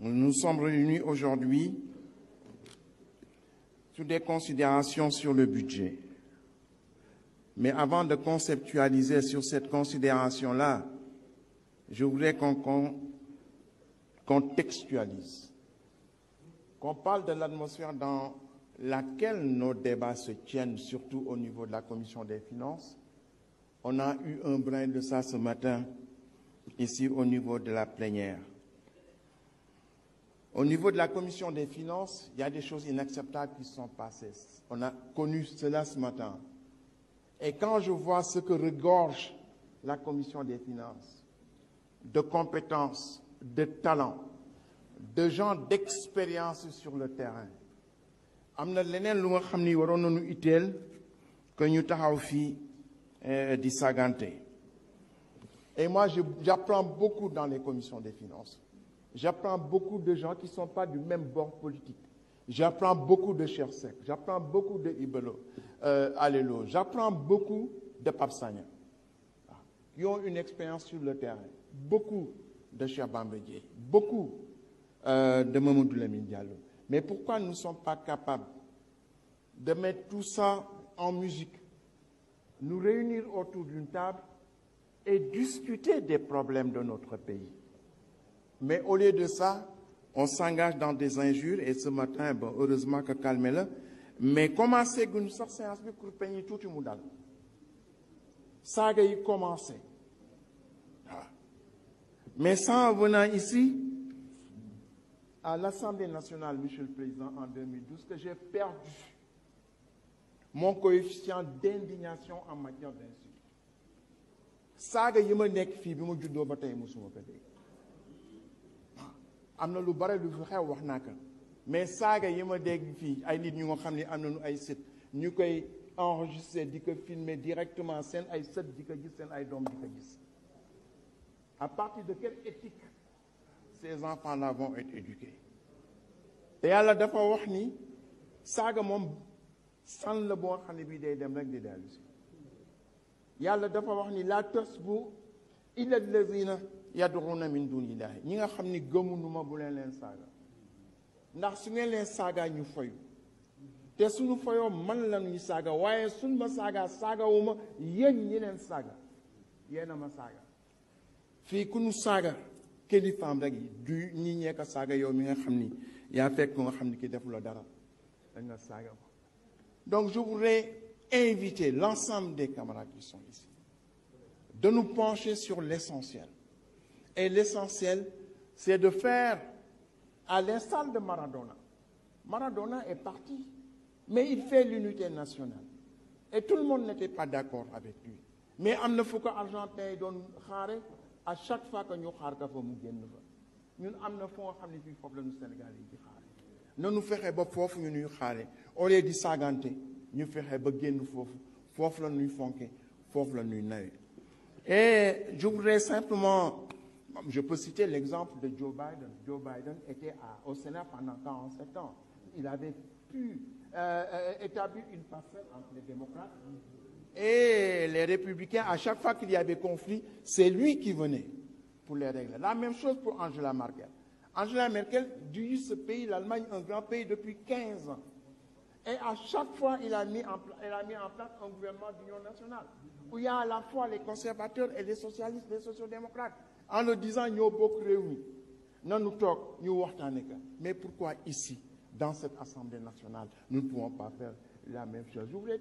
nous sommes réunis aujourd'hui sur des considérations sur le budget. Mais avant de conceptualiser sur cette considération-là, je voudrais qu'on contextualise, qu'on parle de l'atmosphère dans laquelle nos débats se tiennent, surtout au niveau de la Commission des finances. On a eu un brin de ça ce matin, ici au niveau de la plénière. Au niveau de la commission des finances, il y a des choses inacceptables qui sont passées. On a connu cela ce matin. Et quand je vois ce que regorge la commission des finances, de compétences, de talents, de gens d'expérience sur le terrain, amna ñu taxaw eh, Et moi, j'apprends beaucoup dans les commissions des finances. J'apprends beaucoup de gens qui ne sont pas du même bord politique. J'apprends beaucoup de Chersek, j'apprends beaucoup de Ibelo, euh, j'apprends beaucoup de Papsania, ah, qui ont une expérience sur le terrain. Beaucoup de Chabambédié, beaucoup euh, de Mamoudou Mais pourquoi nous ne sommes pas capables de mettre tout ça en musique, nous réunir autour d'une table et discuter des problèmes de notre pays mais au lieu de ça, on s'engage dans des injures et ce matin, heureusement que calmé là. Mais commencez une séance pour payer tout le monde. Ça a commencé. Ah. Mais sans venant ici, à l'Assemblée nationale, M. le Président, en 2012, que j'ai perdu mon coefficient d'indignation en matière d'insulte. Ça a été amna lu bare lu fi xew wax naa mais saga yima deg fi ay nit ñu nga xamni amna ñu ay sët ñukay koy enregistré di ko filmer directement seen ay sët di ko gis sen ay dom di ko gis à partir de quelle éthique ces enfants là vont être éduqués te yalla dafa wax ni saga mom san la boo xam ne day dem rek di dellu si yàlla dafa wax ni la tos bu illa alladhina yad'una min dunillahi ñi nga xamni ni gëmunu ma bu leen leen saaga ndax su ngeen leen saga ñu fayu te suñu fayoo man la ñu saga waye suñ ma saga saga ma yéen ñi leen saaga yéen a ma saga fii ku nu saaga kilifaam rek du ñi ñekk saga yow mi nga xamni ya yaa fekk nga xamni ki def lo dara da nga saga donc je voudrais inviter l'ensemble des camarades qui sont ici de nous pencher sur l'essentiel. Et l'essentiel, c'est de faire, à l'installe de Maradona, Maradona est parti, mais il fait l'unité nationale. Et tout le monde n'était pas d'accord avec lui. Mais il que argentin soit xaré à chaque fois que nous avons ka nous mu génn fa. Ñun amna fo de fi problème Nous Sénégal yi di xaré. Na ñu fexé ba fofu ñu ñuy xaré, au lieu un saganté, ñu fexé ba Nous fofu, fofu la ñuy fonké, fofu et je voudrais simplement, je peux citer l'exemple de Joe Biden. Joe Biden était au Sénat pendant 47 ans. Il avait pu euh, euh, établir une parcelle entre les démocrates et les républicains. À chaque fois qu'il y avait conflit, c'est lui qui venait pour les régler. La même chose pour Angela Merkel. Angela Merkel, du ce pays, l'Allemagne, un grand pays depuis 15 ans. Et à chaque fois, il a mis en, place un gouvernement d'union nationale, où il y a à la fois les conservateurs et les socialistes, les sociodémocrates, en le disant, nous beaucoup réunis. Non, nous nous Mais pourquoi ici, dans cette Assemblée nationale, nous ne pouvons pas faire la même chose